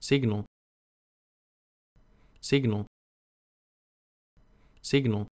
signal signal signal